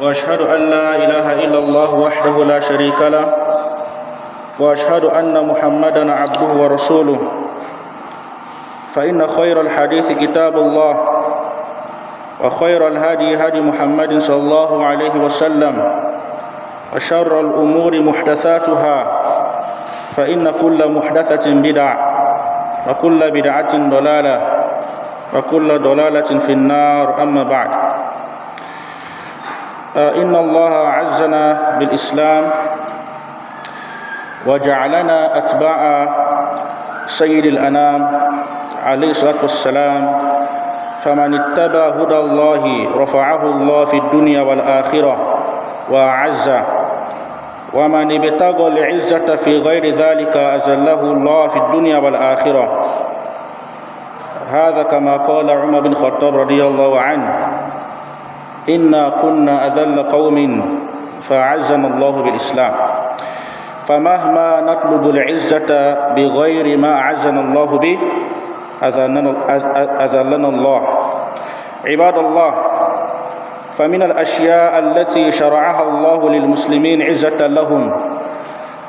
واشهد ان لا اله الا الله وحده لا شريك له واشهد ان محمدا عبده ورسوله فان خير الحديث كتاب الله وخير الهدي هدي محمد صلى الله عليه وسلم وشر الامور محدثاتها فان كل محدثه بدع وكل بدعه ضلاله وكل ضلاله في النار اما بعد آه، إن الله عزنا بالإسلام وجعلنا أتباع سيد الأنام عليه الصلاة والسلام فمن اتبع هدى الله رفعه الله في الدنيا والآخرة وأعز ومن ابتغى العزة في غير ذلك أزله الله في الدنيا والآخرة هذا كما قال عمر بن الخطاب رضي الله عنه إنا كنا أذل قوم فعزنا الله بالإسلام فمهما نطلب العزة بغير ما عزنا الله به أذلنا الله عباد الله فمن الأشياء التي شرعها الله للمسلمين عزة لهم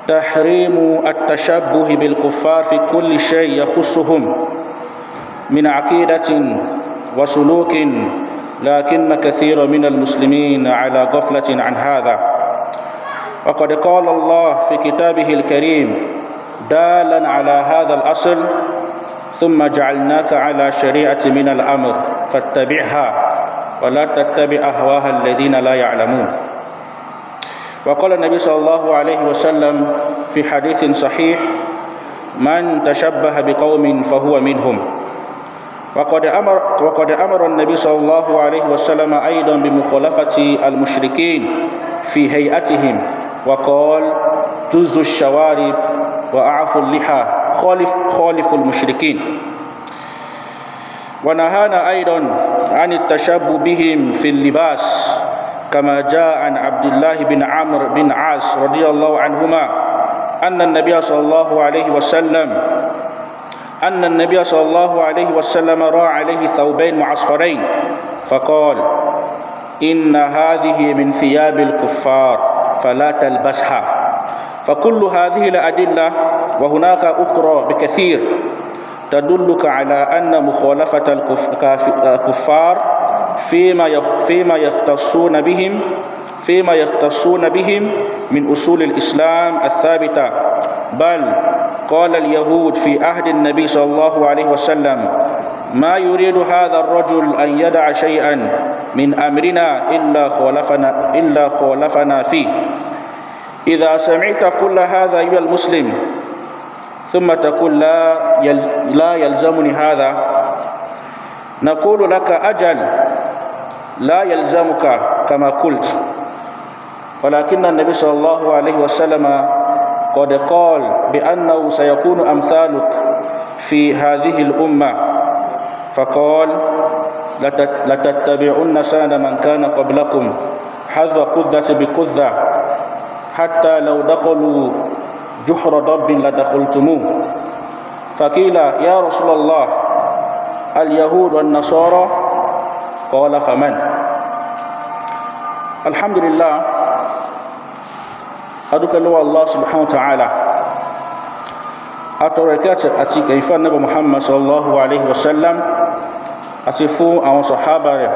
تحريم التشبه بالكفار في كل شيء يخصهم من عقيدة وسلوك لكن كثير من المسلمين على غفلة عن هذا وقد قال الله في كتابه الكريم دالا على هذا الأصل ثم جعلناك على شريعة من الأمر فاتبعها ولا تتبع أهواء الذين لا يعلمون وقال النبي صلى الله عليه وسلم في حديث صحيح من تشبه بقوم فهو منهم وقد أمر, وقد أمر النبي صلى الله عليه وسلم أيضا بمخالفة المشركين في هيئتهم وقال جز الشوارب وأعف اللحى خالف, خالف المشركين ونهانا أيضا عن التشبه بهم في اللباس كما جاء عن عبد الله بن عمرو بن عاص رضي الله عنهما أن النبي صلى الله عليه وسلم أن النبي صلى الله عليه وسلم رأى عليه ثوبين معصفرين فقال إن هذه من ثياب الكفار فلا تلبسها فكل هذه الأدلة وهناك أخرى بكثير تدلك على أن مخالفة الكفار فيما فيما يختصون بهم فيما يختصون بهم من أصول الإسلام الثابتة بل قال اليهود في عهد النبي صلى الله عليه وسلم ما يريد هذا الرجل أن يدع شيئا من أمرنا إلا خولفنا إلا خولفنا فيه إذا سمعت كل هذا أيها المسلم ثم تقول لا, لا يلزمني هذا نقول لك أجل لا يلزمك كما قلت ولكن النبي صلى الله عليه وسلم قد قال بأنه سيكون أمثالك في هذه الأمة فقال لتتبعن سنن من كان قبلكم حذو قذة بقذة حتى لو دخلوا جحر ضب لدخلتموه فقيل يا رسول الله اليهود والنصارى قال فمن الحمد لله adúpẹ́ lọ́wọ́ allah subhanahu wa ta'ala atọrọ ìkẹ́ àti kẹfà nabi muhammad sallallahu alayhi wa sallam àti fún àwọn sọ̀hábà rẹ̀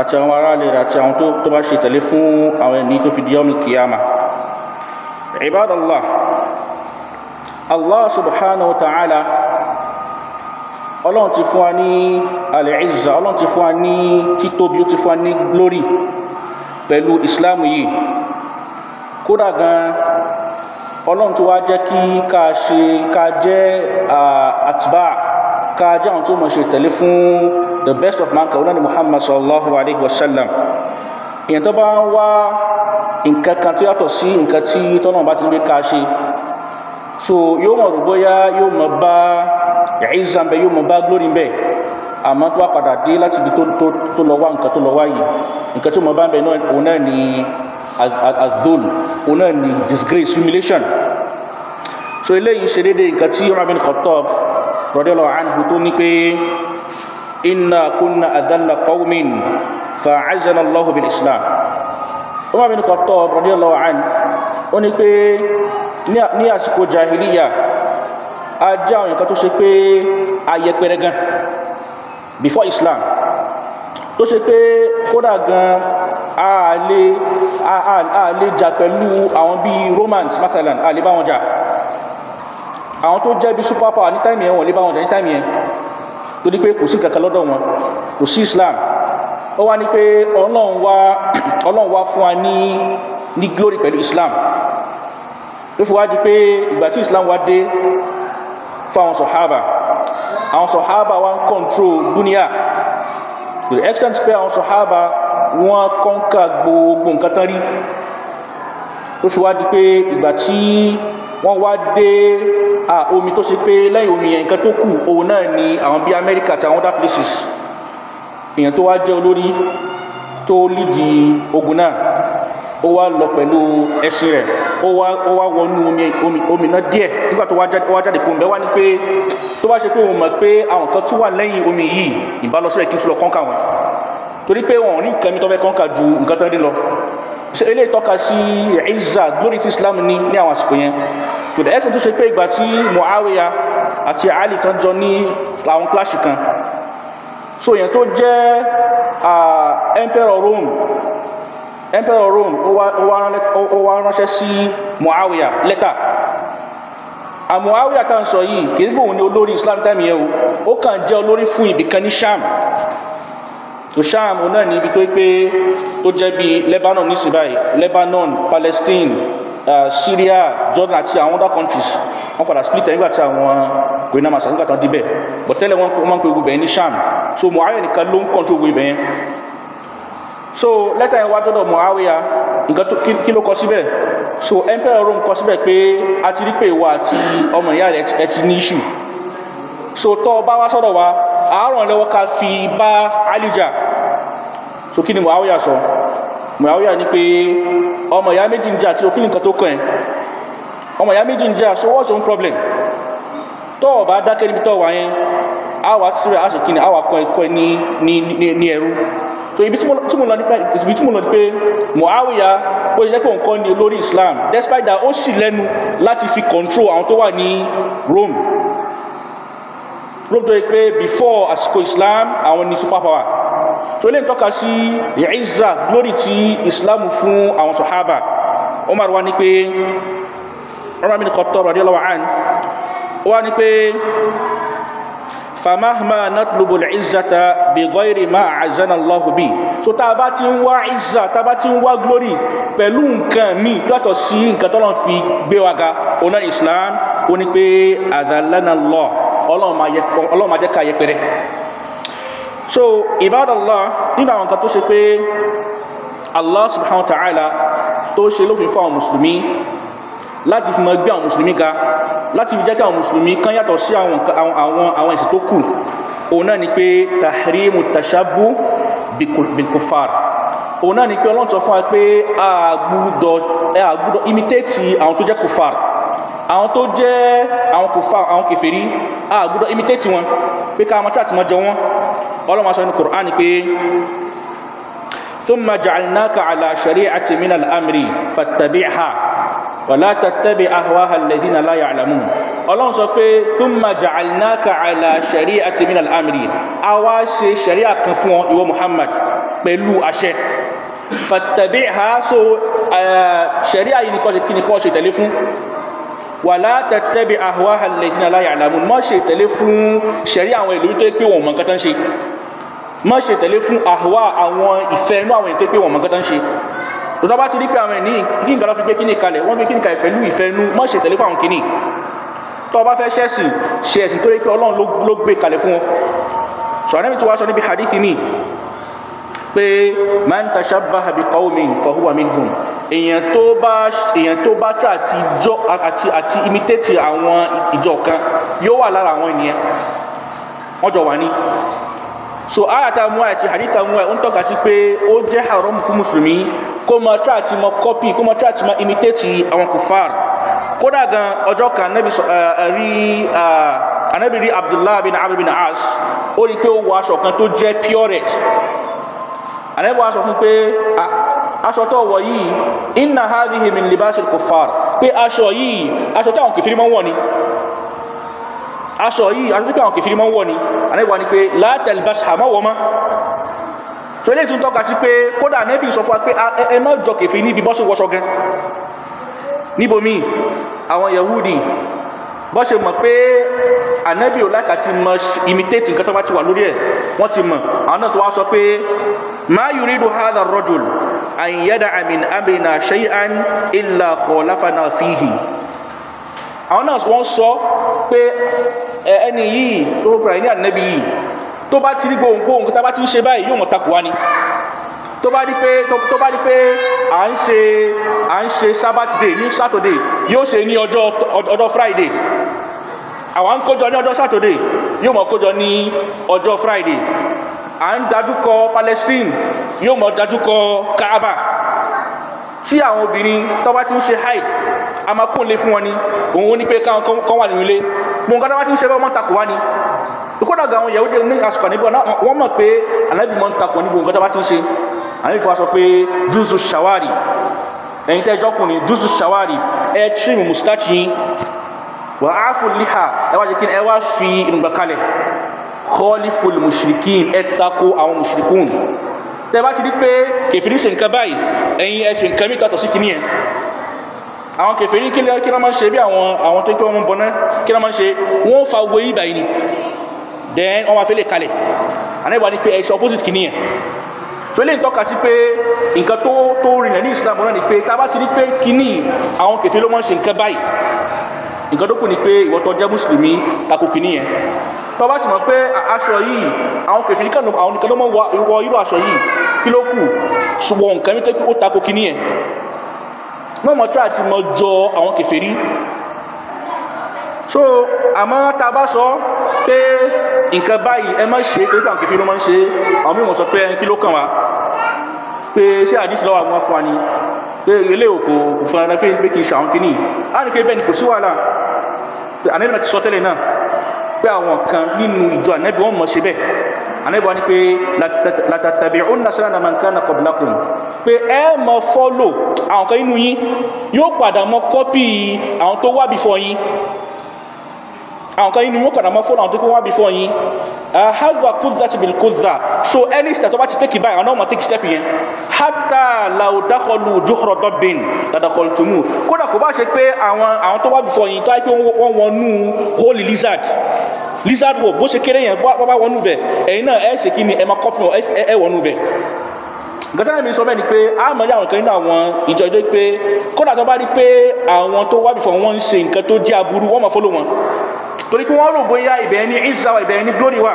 àti àwọn aráàlú rẹ̀ àti àwọn tó bá ṣe tẹ̀lé fún àwọn ẹni tó fi di yawm al-qiyamah ibadallah allah subhanahu wa ta'ala ọlọ́run ti fún wa ní al ọlọ́run ti fún wa ní títóbi ó ti fún wa ní glory pẹ̀lú islam yìí kódà gan ọlọ́run tó wá jẹ́ kí ká ṣe ká jẹ́ àtibá ká jẹ́ àwọn tó mọ̀ ṣe tẹ̀lé fún the best of mankind ọlọ́run muhammad sallallahu alayhi wa sallam èèyàn tó bá ń wá nǹkan kan tó yàtọ̀ sí nǹkan tí tọ́lọ́run bá ti ń gbé ká ṣe so yóò mọ̀ rò bóyá yóò mọ̀ bá ìzà ń bẹ yóò mọ̀ bá glory ń bẹ àmọ́ tó wá padà dé láti ibi tó lọ wá nǹkan tó lọ wá yìí nǹkan tó mọ̀ bá ń bẹ náà òun náà ni azul òun náà ni disgrace humiliation so eléyìí ṣe déédéé nǹkan tí Umar bin Khattab radiyallahu anhu tó ní pé inna kunna adalla qawmin fa'azana Allahu bil islam Umar bin Khattab radiyallahu anhu ó ní pé ní àsìkò jahiliya a jẹ́ àwọn nǹkan tó ṣe pé ayẹpẹrẹ before islam tó ṣe pé kódà gan a lè a lè jà pẹ̀lú àwọn bíi Romans masalan a lè bá wọn jà àwọn tó jẹ́ bí super power ní táìmì yẹn wọ́n lè bá wọn jà ní táìmì yẹn torí pé kò sí kankan lọ́dọ̀ wọn kò sí Islam ó wá ní pé ọlọ́run wá fún wa ní ní glory pẹ̀lú Islam ló fi wá di pé ìgbà tí Islam wá dé fún àwọn sọ̀hábà àwọn sọ̀hábà wá ń control dunia. to the extent pé àwọn sọ̀hábà wọ́n kọ́ńkà gbogbo nǹkan tán rí tó fi wá di pé ìgbà tí wọ́n wá dé omi tó ṣe pé lẹ́yìn omi yẹn nǹkan tó kù òun náà ni àwọn bíi Amẹ́ríkà àti àwọn other places èèyàn tó wá jẹ́ olórí tó lídi ogun náà ó wá lọ pẹ̀lú ẹṣin rẹ̀ ó wá ó wá wọnú omi omi omi náà díẹ̀ nígbà tó wá jáde kó ń bẹ wá ní pé tó wá ṣe pé òun mọ̀ pé àwọn kan tún wà lẹ́yìn omi yìí ìbá lọ sílẹ̀ kí n tún lọ kọ́ńkà wọn torí pé wọn ò ní nǹkan mi tó fẹ́ kàn ká ju nǹkan tán dín lọ eléyìí tọ́ka sí izza glory ti islam ní ní àwọn àsìkò yẹn tó dẹ̀ ẹ̀sìn tó ṣe pé ìgbà tí muawiya àti ali tán jọ ní àwọn kíláàsì kan so yẹn tó jẹ́ emperor rome emperor rome ó wá ránṣẹ́ sí muawiya lẹ́tà àmuawiya tá à ń sọ yìí kì í gbóhùn ní olórí islam time yẹn o ó kàn jẹ́ olórí fún ibìkan ní sham Sham òun náà ní ibi tó pé tó jẹ́ bíi Lebanon nísìnyí báyìí Lebanon Palestine uh, Syria Jordan àti àwọn other countries wọ́n padà split ẹ̀ nígbà tí àwọn kò iná màsà nígbà tí wọ́n débẹ̀ but tẹ́lẹ̀ wọ́n máa ń pe ogun bẹ̀yẹn ní Sham so Muawiya nìkan ló ń control ogun ibẹ̀ yẹn so lẹ́tà yẹn wá dọ́dọ̀ Muawiya nǹkan kí ló kọ síbẹ̀ so emperor Rome kọ síbẹ̀ pé a ti rí pé ìwọ àti ọmọ ìyá rẹ ẹ ti ní issue so tọ́ ọ bá wá sọ́dọ̀ wa àárọ̀ lẹ́wọ́ ká fi bá alija so kí ni muawiya sọ muawiya ni pé ọmọ ìyá méjì ń jà tí o kí ni nǹkan tó kàn ẹ́ ọmọ ìyá méjì ń jà so what's your problem tọ́ ọ̀ bá dákẹ́ níbi tọ́ wà yẹn a wà síbẹ̀ a sì kí ni a wà kọ́ ẹ̀kọ́ ní ní ní ẹ̀rú so ibi tí mo lọ nípa ibi tí mo lọ ni pé muawiya ó ṣe jẹ́ pé nǹkan ni olórí islam despite that ó sì lẹ́nu láti fi control àwọn tó wà ní rome rome tó yẹ pé before àsìkò islam àwọn ni superpower so lè tọ́ka sí ìṣà glory ti islam fún àwọn sọ̀hábà umar wa ni pé umar bin khattab radiyallahu an wa ni pé famahma natlubu al-izzata bi ma azana allah so tá bá tin wá izza tá bá tin wá glory pẹ̀lú nǹkan mi yàtọ̀ sí nǹkan t'Ọlọ́run fi gbé wa ga ọ̀nà islam ó ní pé azallana allah Ọlọ́run má jẹ́ Ọlọ́run má jẹ́ so ibadallah nínú àwọn nǹkan tó ṣe pé allah subhanahu wa ta'ala tó ṣe lófin fún àwọn mùsùlùmí láti fi mọ gbé àwọn mùsùlùmí ga láti fi jẹ́ kí àwọn mùsùlùmí kan yàtọ̀ sí àwọn àwọn ẹ̀sìn tó kù òun náà ni pé tahrimu tashabu bilkufar òun náà ni pé ọlọ́run sọ fún wa pé a gbúdọ̀ a gbúdọ̀ imitate àwọn tó jẹ́ kufar àwọn tó jẹ́ àwọn kufar àwọn kèfèrí a imitate wọn pé ká máa tíra ti máa wọn ọlọ́run aṣọ ní Qur'an pé thumma ja'alnaka ala shari'ati min al-amri fattabi'ha wàlá tàtàbí ahwaha alladhina la ya'lamun ọlọ́run sọ pé thumma ja'alnaka ala shari'ati min al-amri a wá ṣe ṣẹ̀ríà kan fún ọ ìwọ Muhammad pẹ̀lú àṣẹ fattabi'ha so ṣẹ̀ríà yìí ni kó ṣe tẹ̀lé fún wàlá tàtàbí ahwaha alladhina la ya'lamun má ṣe tẹ̀lé fún ṣẹ̀ríà àwọn ìlú tó pé wọn mọ̀ nǹkan tán ṣe má ṣe tẹ̀lé fún àhùwà àwọn ìfẹ́ inú àwọn ètò pé wọ́n mọ̀ nǹkan tó ń ṣe tòtá bá ti rí pé àwọn ẹ̀ní kí nǹkan lọ́ fi gbé kíní kalẹ̀ wọ́n gbé kíní kalẹ̀ pẹ̀lú ìfẹ́ inú má ṣe tẹ̀lé fún àwọn kíní tó bá fẹ́ ṣẹ̀sìn ṣe ẹ̀sìn tó rí pé ọlọ́run ló gbé kalẹ̀ fún wọn sọ̀rọ̀ tí wàá sọ níbi hadith ni pé man tashabbaha bi qawmin fahuwa minhum èèyàn tó bá èèyàn tó bá tra àti jọ àti àti imitate àwọn ìjọ kan yóò wà lára àwọn ènìyàn wọ́n jọ wà ní so aya ta ti àti hadita mú ẹ ń tọ́ka sí pé ó jẹ́ haram fún mùsùlùmí kó mọ tí àti mọ kọ́pì kó mọ tí àti mọ imitate awon kufar kódà gan ọjọ́ kan anabi rí anabi rí abdullahi bin amr bin as ó rí i pé ó wọ aṣọ kan tó jẹ́ purex anabi wọ aṣọ fún pé aṣọ tó wọ yìí inna hadhihi min libasi kùfàr pé aṣọ yìí aṣọ táwọn kìfìrí máa ń wọ̀ ni. aṣọ yìí aṣọ pípẹ́ àwọn kèfìrí mọ́ wọ̀ ni àníwá ni pé látẹ̀lì bá ṣàmọ́ wọ́ mọ́ so eléyìí tún tọ́ka sí pé kódà nẹ́bí sọ fún wa pé ẹ má jọ kèfìrí níbi bọ́sẹ̀ wọṣọ gan níbomi àwọn Yahudi bọ́ ṣe mọ̀ pé ànẹ́bí ò láìka ti mọ imitate nǹkan tó bá ti wà lórí ẹ̀ wọ́n ti mọ̀ àwọn náà tó wá sọ pé ma yuridu hadha ar-rajul an yada'a min amrina shay'an illa khalafana fihi àwọn náà wọ́n sọ pé ẹni yìí tó fúnra ní ànábì yìí tó bá ti rí gbohùngbohùn tá a bá ti ń ṣe báyìí yóò mọ̀ takò wá ni tó bá di pé tó bá di pé à ń ṣe à ń ṣe sabatide ní sátọdé yóò ṣe ní ọjọ́ ọjọ́ friday àwa ń kójọ ní ọjọ́ sátọdé yóò mọ̀ kójọ ní ọjọ́ friday à ń dájú palestine yóò mọ̀ dájú kaaba tí àwọn obìnrin tó bá ti ń ṣe haid a máa kún lé fún wọn ni òun ó ní pé káwọn kan wà nínú ilé mo nǹkan tó bá ti ń ṣe bẹ́ẹ̀ wọ́n takò wá ni ìkọ́dà ga àwọn yahudi ní asukà níbọ̀ wọ́n mọ̀ pé anabi mọ̀ ń takò níbo nǹkan tó bá ti ń ṣe anabi fọwọ́ sọ pé júùsù ṣàwárì ẹ̀yin tẹ́ jọ́kùnrin júùsù ṣàwárì ẹ̀ tírìmù mùsítáàtì wà á fún líhà ẹ wá jẹ́ kí ẹ wá fi irùngbà kalẹ̀ kọ́lífù mùṣìríkìn ẹ takò àwọn mùṣìríkùn tẹ bá ti rí pé kẹfìrí ṣe nǹkan báyìí ẹ̀yin ẹ ṣe nǹkan mi tàtọ̀ sí kìnìyẹn àwọn kẹfìrí kí ló máa ń ṣe bí àwọn àwọn tó ń pẹ́ wọn bọ̀ náà kí ló máa ń ṣe wọ́n fa owó yìí báyìí ni then wọ́n máa fẹ́ lè kalẹ̀ àníwá ni pé ẹ ṣe opposite kìnìyẹn tó lè tọ́ka sí pé nǹkan tó tó rìnà ní Islam náà ni pé tá a bá ti rí pé kìnì àwọn kẹfìrí ló máa ń ṣe nǹkan báyìí nǹkan tó kù ni pé ìwọ tó jẹ́ mùsùlùmí tako kìnìyẹn tó bá ti mọ̀ pé aṣọ yìí àwọn kèfì kan àwọn nìkan ló mọ̀ wọ irú aṣọ yìí kí ló kù ṣùgbọ́n nǹkan mi tó ó tako kíní yẹn mọ̀ mọ̀ tí a ti mọ̀ jọ àwọn kèfì so àmọ́ tá a bá sọ pé nǹkan báyìí ẹ má ṣe torí pé àwọn kèfì ló máa ń ṣe àwọn mímọ̀ sọ pé kí ló kàn wá pé ṣé àdìsí lọ́wọ́ àwọn afọ wa pé ilé òkò kò fún ara pé kì í ṣe àwọn kíní á ní bẹ́ẹ̀ ni kò sí wàhálà ànílẹ̀ ti sọ tẹ́lẹ̀ náà pé àwọn kan nínú ìjọ ànábì wọn mọ̀ ṣe bẹ́ẹ̀ ànábì wọn ni pé látàtàbí òun náà na máa ń kánà kọ̀bìlákùn pé ẹ mọ fọ́lò àwọn kan nínú yín yóò padà mọ kọ́pì àwọn tó wà before yín àwọn kan inú wọn kàn máa fọ́nà àwọn tó kó wá before yín ah, hadwa kudza ti bil kudza so any step tó bá ti take báyìí àwọn náà wọ́n take step yẹn hatta law dakhalu juhra dabbin ladakhaltumu kódà kó bá ṣe pé àwọn àwọn tó wá before yín tó wáyé pé wọ́n wọnú holy lizard lizard hole bó ṣe kéré yẹn bá wọnú bẹ̀ ẹ̀yin náà ẹ̀ ṣe kí ni ẹ̀ máa copy ẹ̀ wọnú bẹ̀ gọ́tẹ́lẹ̀ mi sọ bẹ́ẹ̀ ni pé a mọ̀ ní àwọn kan nínú àwọn ìjọ ìjọ pé kódà tó bá rí pé àwọn tó wá bìfọ̀ wọn ń ṣe nǹkan tó jẹ́ aburú wọ́n máa follow wọn torí pé wọ́n rò bóyá ibẹ̀ ni isa wa ibẹ̀ ni glory wa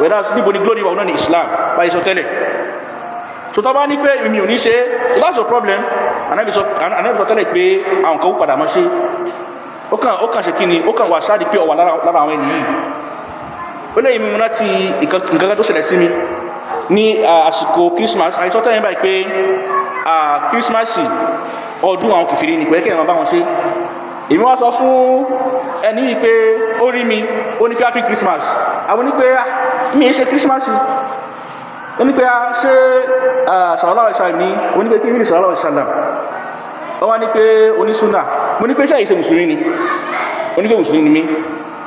whereas níbo ni glory wa náà ni Islam báyìí sọ tẹ́lẹ̀ tó tọ́ bá ní pé mi ò ní ṣe that's the problem Ànábì sọ tẹ́lẹ̀ pé àwọn kan ó padà máa ṣe ó kàn ó kàn ṣe kí ni ó kàn wà sáà di pé ọ̀wà lára àwọn ènìyàn ó lè yí mi mú láti nǹkan kan tó ṣẹlẹ̀ sí mi ní àsìkò Christmas àìsàn tẹ́lẹ̀ báyìí pé Christmas ọdún àwọn kìfìrí ni pé kẹ́hìn máa bá wọn ṣe èmi wá sọ fún ẹni yìí pé ó rí mi ó ní pé happy Christmas àwọn ní pé ah, mi ì ṣe Christmas ó ní pé ah, ṣé sallallahu alaihi wasallam ní onípe kí ní sallallahu alaihi wasallam wọ́n wá ní pé onísúnà mo ní pé ṣe ìṣe mùsùlùmí ni onípe mùsùlùmí ni mí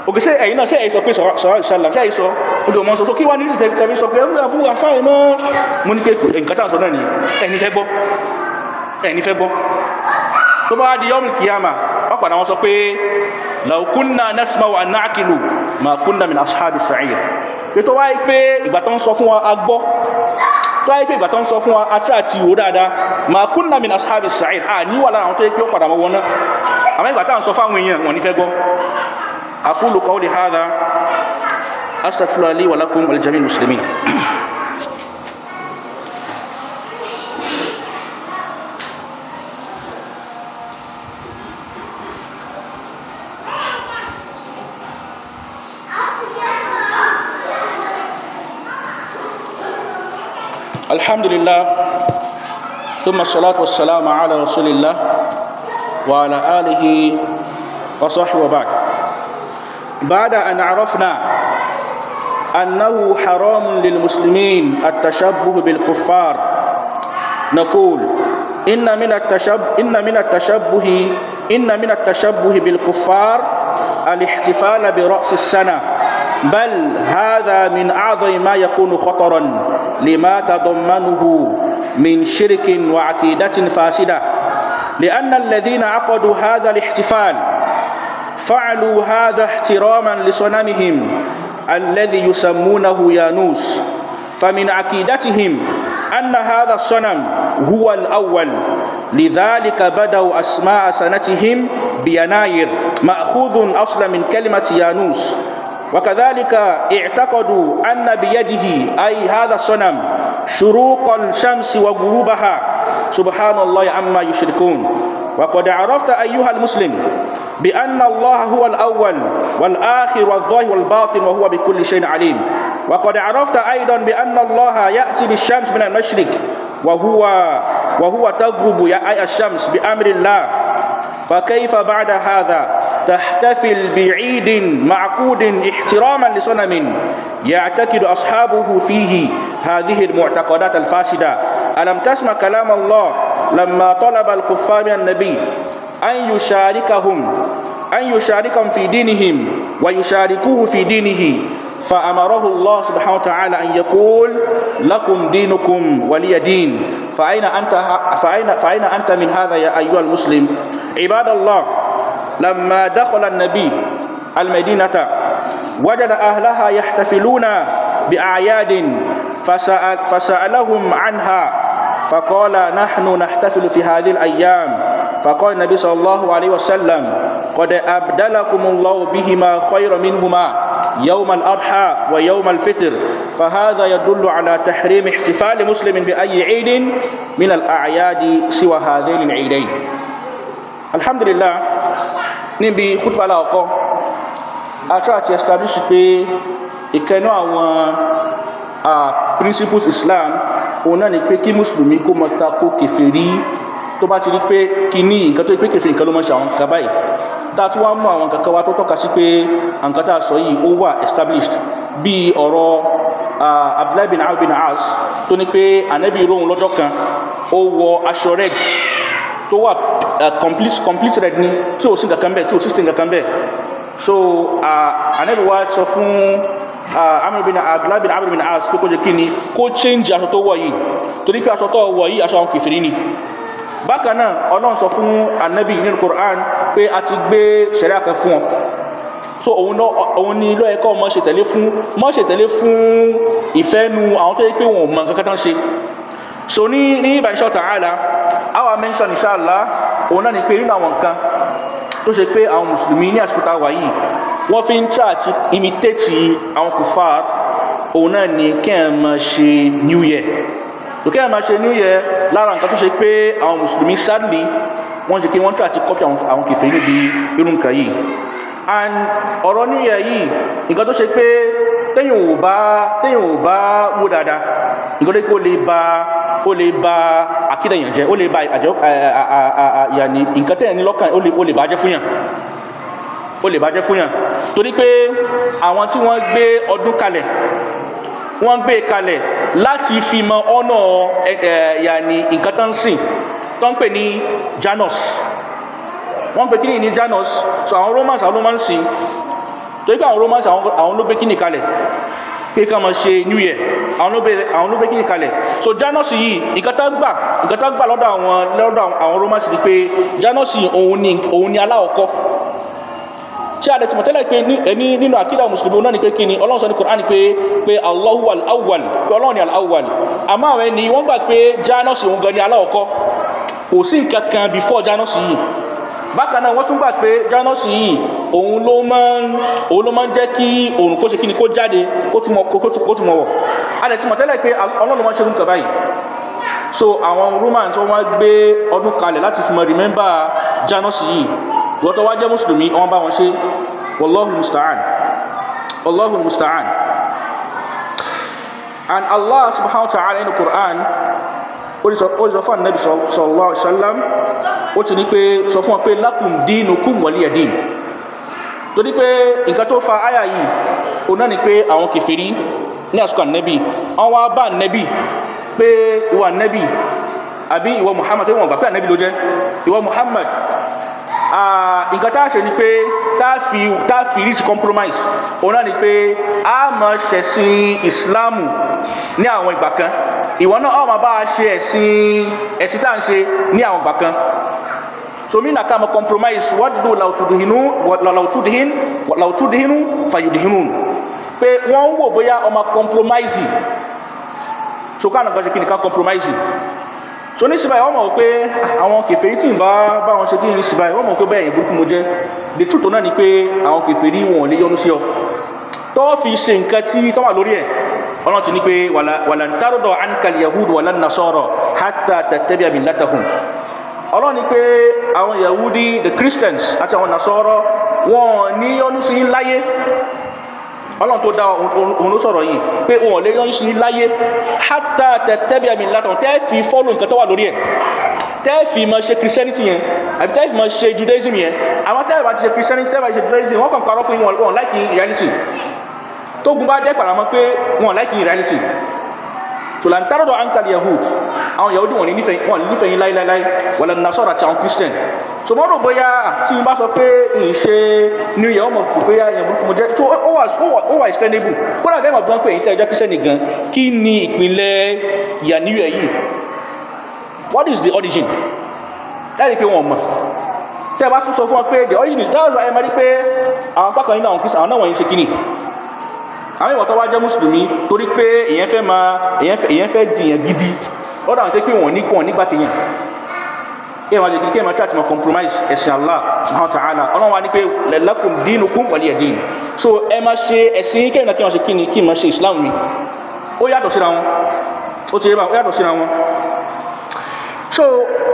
òkè ṣe ẹ̀yin náà ṣe ẹ̀yin sọ pé sallallahu alaihi wasallam ṣe ẹ̀yin o dùn mọ́ sọ kí wá ní ìṣẹ̀tẹ̀ tẹ̀mí sọ pé ẹ̀rú àbúrò àfáàyè náà mo ní pé nǹkan tá à ń sọ náà ni ẹni fẹ́ gbọ́ ẹni fẹ́ gbọ́ tó bá di yọ́mù kìyàmà wọ́n padà wọn sọ pé law kunna nasma'u wa na'qilu ma kunna min ashabi sa'ir pé tó wáyé pé ìgbà tó ń sọ fún wa a gbọ́ tó wáyé pé ìgbà tó ń sọ fún wa a tí àti ìwò dáadáa ma kunna min ashabi sa'ir à ní wà lára àwọn tó yẹ pé ó padà mọ́ wọn náà àmọ́ ìgbà tá à ń sọ fáwọn èèyàn wọn ní fẹ́ gbọ́ aqulu qawli hadha أستغفر لي ولكم ولجميع المسلمين الحمد لله ثم الصلاة والسلام على رسول الله وعلى آله وصحبه وبعد بعد أن عرفنا أنه حرام للمسلمين التشبه بالكفار نقول إن من التشبه إن من التشبه إن من التشبه بالكفار الاحتفال برأس السنة بل هذا من أعظم ما يكون خطرا لما تضمنه من شرك وعقيدة فاسدة لأن الذين عقدوا هذا الاحتفال فعلوا هذا احتراما لصنمهم الذي يسمونه يانوس فمن عقيدتهم أن هذا الصنم هو الأول لذلك بدأوا أسماء سنتهم بيناير مأخوذ أصلا من كلمة يانوس وكذلك اعتقدوا أن بيده أي هذا الصنم شروق الشمس وغروبها سبحان الله عما يشركون وقد عرفت أيها المسلم بأن الله هو الأول والآخر والظاهر والباطن وهو بكل شيء عليم وقد عرفت أيضا بأن الله يأتي بالشمس من المشرق وهو وهو تغرب أي الشمس بأمر الله فكيف بعد هذا تحتفل بعيد معقود احتراما لصنم يعتقد أصحابه فيه هذه المعتقدات الفاسدة ألم تسمع كلام الله لما طلب الكفار من النبي أن يشاركهم أن يشاركهم في دينهم ويشاركوه في دينه فأمره الله سبحانه وتعالى أن يقول لكم دينكم ولي دين فأين أنت, فأين, فأين أنت من هذا يا أيها المسلم عباد الله لما دخل النبي المدينة وجد أهلها يحتفلون بأعياد فسأل فسألهم عنها فقال نحن نحتفل في هذه الأيام فقال النبي صلى الله عليه وسلم قد أبدلكم الله بهما خير منهما يوم الأضحى ويوم الفطر فهذا يدل على تحريم احتفال مسلم بأي عيد من الأعياد سوى هذين العيدين الحمد لله نبي خطبة aláwọ̀kọ́ atọ́ àti بي pé ìkẹ́nú àwọn uh, principles Islam òun náà ni pé kí mùsùlùmí kó mọ tako kèfèrí tó bá ti rí pé kíní nǹkan tó yẹ pé kèfèrí nǹkan ló mọ ṣe àwọn nǹkan báyìí tá a tún wá mú àwọn nǹkan kan wá tó tọ́ka sí pé nǹkan tá a sọ yìí ó wà established bíi ọ̀rọ̀ abdullahi bin abu bin as tó ní pé anabi rohun lọ́jọ́ kan ó wọ aṣọ red tó wà complete complete red ni tí ò sí nǹkan kan bẹ́ẹ̀ tí ò sí nǹkan kan bẹ́ẹ̀ so anabi wa sọ fún. Ah, amr bin abdullah bin amr bin as pé kó ṣe ko change aṣọ tó wọ̀ yìí torí pé aṣọ tó wọ̀ yìí aṣọ àwọn kìfìrí ni bákan náà ọlọ́run sọ fún anabi nínú quran pé a ti gbé kan fún so òun náà òun ni lọ́ọ̀ ẹ̀kọ́ mọ́ ṣe tẹ̀lé fún mọ́ ṣe tẹ̀lé fún ìfẹ́nu àwọn tó yẹ pé wọn ò mọ nǹkan kan tán ṣe so ni ní ìbánisọ̀ tààlà àwa mention inshallah Allah, náà ni pé nínú àwọn nǹkan tó ṣe pé àwọn mùsùlùmí ní àsìkò tá wà yìí wọ́n fi ń try àti imitate àwọn kufar òun náà ni kí ẹ̀ máa ṣe new year tó kí ẹ̀ máa ṣe new year lára nǹkan tó ṣe pé àwọn mùsùlùmí sadly wọ́n ṣe kí wọ́n try àti copy àwọn kèfèrí níbi irú nǹkan yìí and ọ̀rọ̀ new year yìí nǹkan tó ṣe pé téèyàn ò bá téèyàn ò bá wò dáadáa nǹkan tó ṣe pé ó lè ba ó lè ba akida yàn jẹ́ ó lè ba àjọ yàní nǹkan tẹ̀ ní lọ́kàn ó lè bàjẹ́ fún yàn ó lè bàjẹ́ fún yàn torí pé àwọn tí wọ́n gbé ọdún kalẹ̀ wọ́n gbé e kalẹ̀ láti fi mọ ọ̀nà yàní nǹkan tó ń sìn tó ń pè ní Janus wọ́n pè kíni ní Janus so àwọn Romans àwọn ló máa ń sìn torí pé àwọn Romans àwọn ló gbé kíni kalẹ̀ pé ká máa ṣe New Year àwọn ló gbé kíni kalẹ̀ so Janus yìí nǹkan tó gbà nǹkan tó gbà lọ́dọ̀ àwọn lọ́dọ̀ àwọn Romans ni pé Janus yìí òun ni òun ni aláọ̀kọ́ tí a lè tìmọ̀ tẹ́lẹ̀ pé ẹni nínú àkídà mùsùlùmí náà ni pé kíni ọlọ́run sọ ní Qur'an pé pé Allahu al pé ọlọ́run ni al-awwal àmọ́ àwọn ẹni wọ́n gbà pé Janus òun gan ni aláọ̀kọ́ kò sí nǹkan kan before Janus yìí bákan náà wọ́n tún gbà pé jánọ́sì yìí òun ló máa ń òun ló máa ń jẹ́ kí òun kó ṣe kí ni kó jáde kó tún mọ kó tún mọ wọ̀ a lè ti mọ̀ tẹ́lẹ̀ pé ọlọ́run máa ń ṣe báyìí so àwọn romans wọ́n wá gbé ọdún kalẹ̀ láti fi mọ rìmẹ́mbà jánọ́sì yìí wọ́n tó wá jẹ́ mùsùlùmí wọ́n bá wọn ṣe wallahul musta'an wallahul musta'an and allah subhanahu wa ta'ala in the quran ó ti sọ fún anabi sallallahu alaihi wasallam ó ti ní pé sọ fún ọ pé lakum dinukum waliya din torí pé nǹkan tó fa àyà yìí òun náà ni pé àwọn kèfèrí ní àsìkò anabi àwọn wá bá anabi pé ìwà anabi àbí ìwọ muhammad tó wọn gbà pé anabi ló jẹ ìwọ muhammad nǹkan tá a ṣe ni pé tá a fi reach compromise òun náà ni pé a máa ṣẹ̀sìn ìsìláàmù ní àwọn ìgbà kan ìwọ náà ọ̀ máa bá a ṣe ẹ̀sìn ẹ̀sìn tá à ń ṣe ní àwọn ìgbà kan so mi na kama compromise wajdu law tudhinu law tudhin law pé wọ́n wò bóyá o compromise so kana gba ṣe kíni ka compromise so ní sibai wọ́n mọ̀ pé àwọn kèfèrí tin ba ba wọn ṣe kíni sibai wọ́n mọ̀ pé bẹ́ẹ̀ burúkú mo jẹ́ the truth náà ni pé àwọn kèfèrí wọn lè yọ́nú sí ọ tó fi ṣe nǹkan tí tó wà lórí ẹ̀ ọlọ́run ti ní pé wàlà ń tárọ̀dọ̀ ankal yahudu wàlà ń nasọ̀rọ̀ hàtà tẹ̀tẹ̀bí àmì látàkùn ọlọ́run ní pé àwọn yahudi the christians àti àwọn nasọ̀rọ̀ wọn ò ní yọ́nú sí láyé ọlọ́run tó dá òun ló sọ̀rọ̀ yìí pé wọn ò lè yọ́nú sí láyé hàtà tẹ̀tẹ̀bí àmì látàkùn tẹ́ fi fọ́lù nǹkan tó wà lórí ẹ̀ tẹ́ fi mọ ṣe christianity yẹn àbí tẹ́ fi mọ ṣe judaism yẹn àwọn tẹ́ bá ti ṣe christianity tẹ́ bá ti ṣe judaism wọ́n kàn parọ́ fún wọn láìkí reality tógun bá dẹ́ paramọ́ pé wọn like in reality so lantardo ankal yahud àwọn yahudi wọn nífẹ̀ẹ́ wọn nífẹ̀ẹ́ yín láíláíláí wala nasara àti àwọn christian so mo rò bóyá tí n bá sọ pé n ṣe new year ọmọ kò bóyá yẹn mo jẹ tó ó wà ó wà explainable kódà bẹ́ẹ̀ mọ̀ bí wọ́n pè yín tẹ́ ẹjọ́ christian gan kí ni ìpínlẹ̀ yà new year yìí what is the origin láti pé wọn mọ̀ tẹ́ ẹ bá tún sọ fún wọn pé the origin is that was why ẹ máa rí pé àwọn apá kan yín náà àwọn christian àwọn náà wọ̀nyí ṣe kíni àwọn ìwọ̀n tó wá jẹ́ mùsùlùmí torí pé èyàn fẹ́ máa èyàn fẹ́ dìyàn gidi ọ̀dọ̀ àwọn tó pé wọ́n ní kàn nígbà tèèyàn èyàn wọn lè kí èyàn try to compromise ẹ̀sìn Allah subhanahu wa ta'ala ọlọ́run wa ní pé lakum dinukum waliya din so ẹ máa ṣe ẹ̀sìn kẹ́rin náà kí wọ́n ṣe kí ni kí n máa ṣe Islam mi ó yàtọ̀ síra wọn ó ti yé báwọn ó yàtọ̀ síra wọn so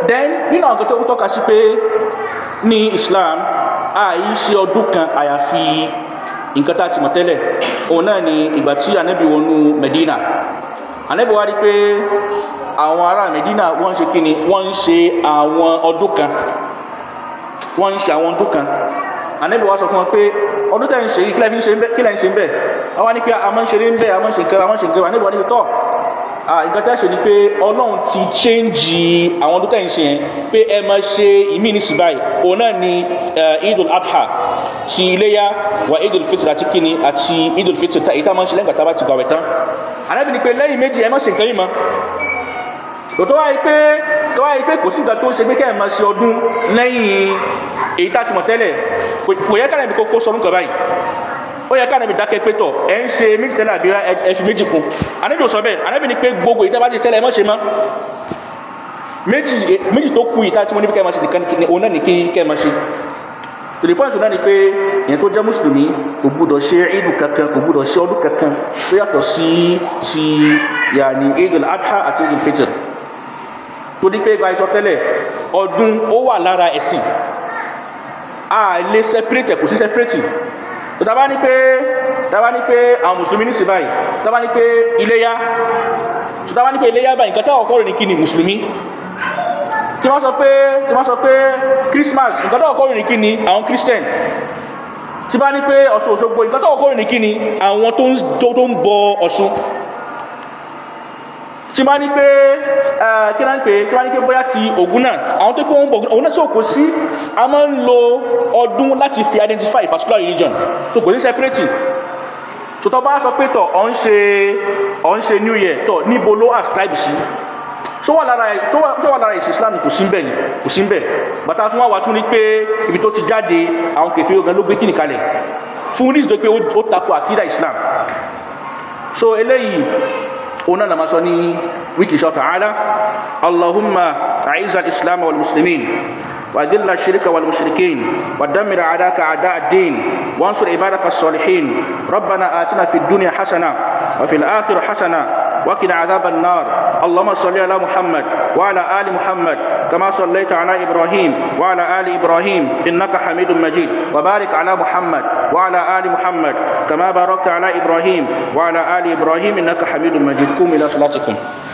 then nínú àwọn tó ń tọ́ka sí pé ní Islam àìsí ọdún kan àyàfi nǹkan tá a ti mọ̀ tẹ́lẹ̀ òun náà ni ìgbà tí anabi wọnú medina anabi wa rí pé àwọn ará medina wọ́n ń ṣe kíni wọ́n ń ṣe àwọn ọdún kan wọ́n ń ṣe àwọn ọdún kan anabi wa sọ fún wọn pé ọdún tẹ̀ ń ṣe yìí kí lẹ́yìn ṣe ń bẹ́ẹ̀ àwọn ni pé a máa ń ṣeré ń bẹ́ẹ̀ a máa ń ṣe nǹkan a máa ń ṣe nǹkan anabi wa ní tọ́ nǹkan tẹ́ ṣe ni pé ọlọ́run ti ṣéǹjì àwọn ọdún tẹ̀yìn ṣe yẹn pé ẹ máa ṣe ìmí ní síbáyì òun náà ni eh, idul adha ti iléyà wa idul fitr àti kini àti idul fitr èyí tá a máa ń ṣe lẹ́yìn gbàtà bá ti gbàwẹ̀ tán àlẹ́ fi ni pé lẹ́yìn méjì ẹ má ṣe nǹkan yìí mọ́ tòtò wáyé pé tó wáyé pé kò sí nǹkan tó ṣe pé kẹ́ ẹ̀ máa ṣe ọdún lẹ́yìn èyí tá a ti mọ̀ tẹ́lẹ̀ kò yẹ kálẹ̀ ó yẹ ká anabi dákẹ́ pé tọ̀ ẹ̀ ń ṣe méjì tẹ́lẹ̀ àbí ẹ fi méjì kún anabi ò sọ bẹ́ẹ̀ anabi ni pé gbogbo ìta bá ti tẹ́lẹ̀ ẹ má ṣe mọ́ méjì tó kù ìta tí wọ́n ní kẹ́ ẹ má ṣe nìkan òun náà ní kí kẹ́ ẹ má ṣe to the point náà ni pé ìyẹn tó jẹ́ mùsùlùmí kò gbúdọ̀ ṣe ìdù kankan kò gbúdọ̀ ṣe ọdún kankan tó yàtọ̀ sí ti yàní idul adha àti idul fitr tó ní pé gba iṣọ tẹ́lẹ̀ ọdún ó wà lára ẹ̀sìn a lè separate kò sí separate tàbá ní pé tàbá ní pé àwọn mùsùlùmí ní sí báyìí tàbá ní pé iléyá tàbá ní báyìí nǹkan tí àwọn kí ni mùsùlùmí tí wọ́n sọ pé tí wọ́n sọ pé Christmas nǹkan tí àwọn kọrin ní kí ni àwọn Christian tí bá ní pé Ọ̀ṣun Òṣogbo nǹkan tí àwọn kọrin ní kí ni àwọn tó ń bọ Ọ̀ṣun tí wọ́n bá ní pé kí náà ń pè tí wọ́n bá ní pé bóyá ti ògùn náà àwọn tó kó ògùn náà tí ò kó sí a máa ń lo ọdún láti fi identify particular religion so kò sí separating tòtọ́ bá sọ pé tọ̀ ọ̀ ń ṣe ọ̀ ń ṣe new year tọ̀ níbo ló ascribe sí tó wà lára tó wà lára ìsìn islam kò sí ń bẹ̀ ni kò sí ń bẹ̀ bàtà tún wà wá tún ní pé ibi tó ti jáde àwọn kẹfẹ́ ogan ló gbé kíni kalẹ̀ fún ní ìsìnkú pé ó takò àkídà islam so eléyìí ona na maso ni wiki sha ta'ala allahumma a'iz al-islam wal muslimin wa dhilla ash-shirka wal mushrikin wa dammir a'daka a'da ad-din wansur ibadaka as-salihin rabbana atina fid dunya hasana wa fil akhirati hasana وقنا عذاب النار اللهم صل على محمد وعلى آل محمد كما صليت على إبراهيم وعلى آل إبراهيم إنك حميد مجيد وبارك على محمد وعلى آل محمد كما باركت على إبراهيم وعلى آل إبراهيم إنك حميد مجيد قوم إلى صلاتكم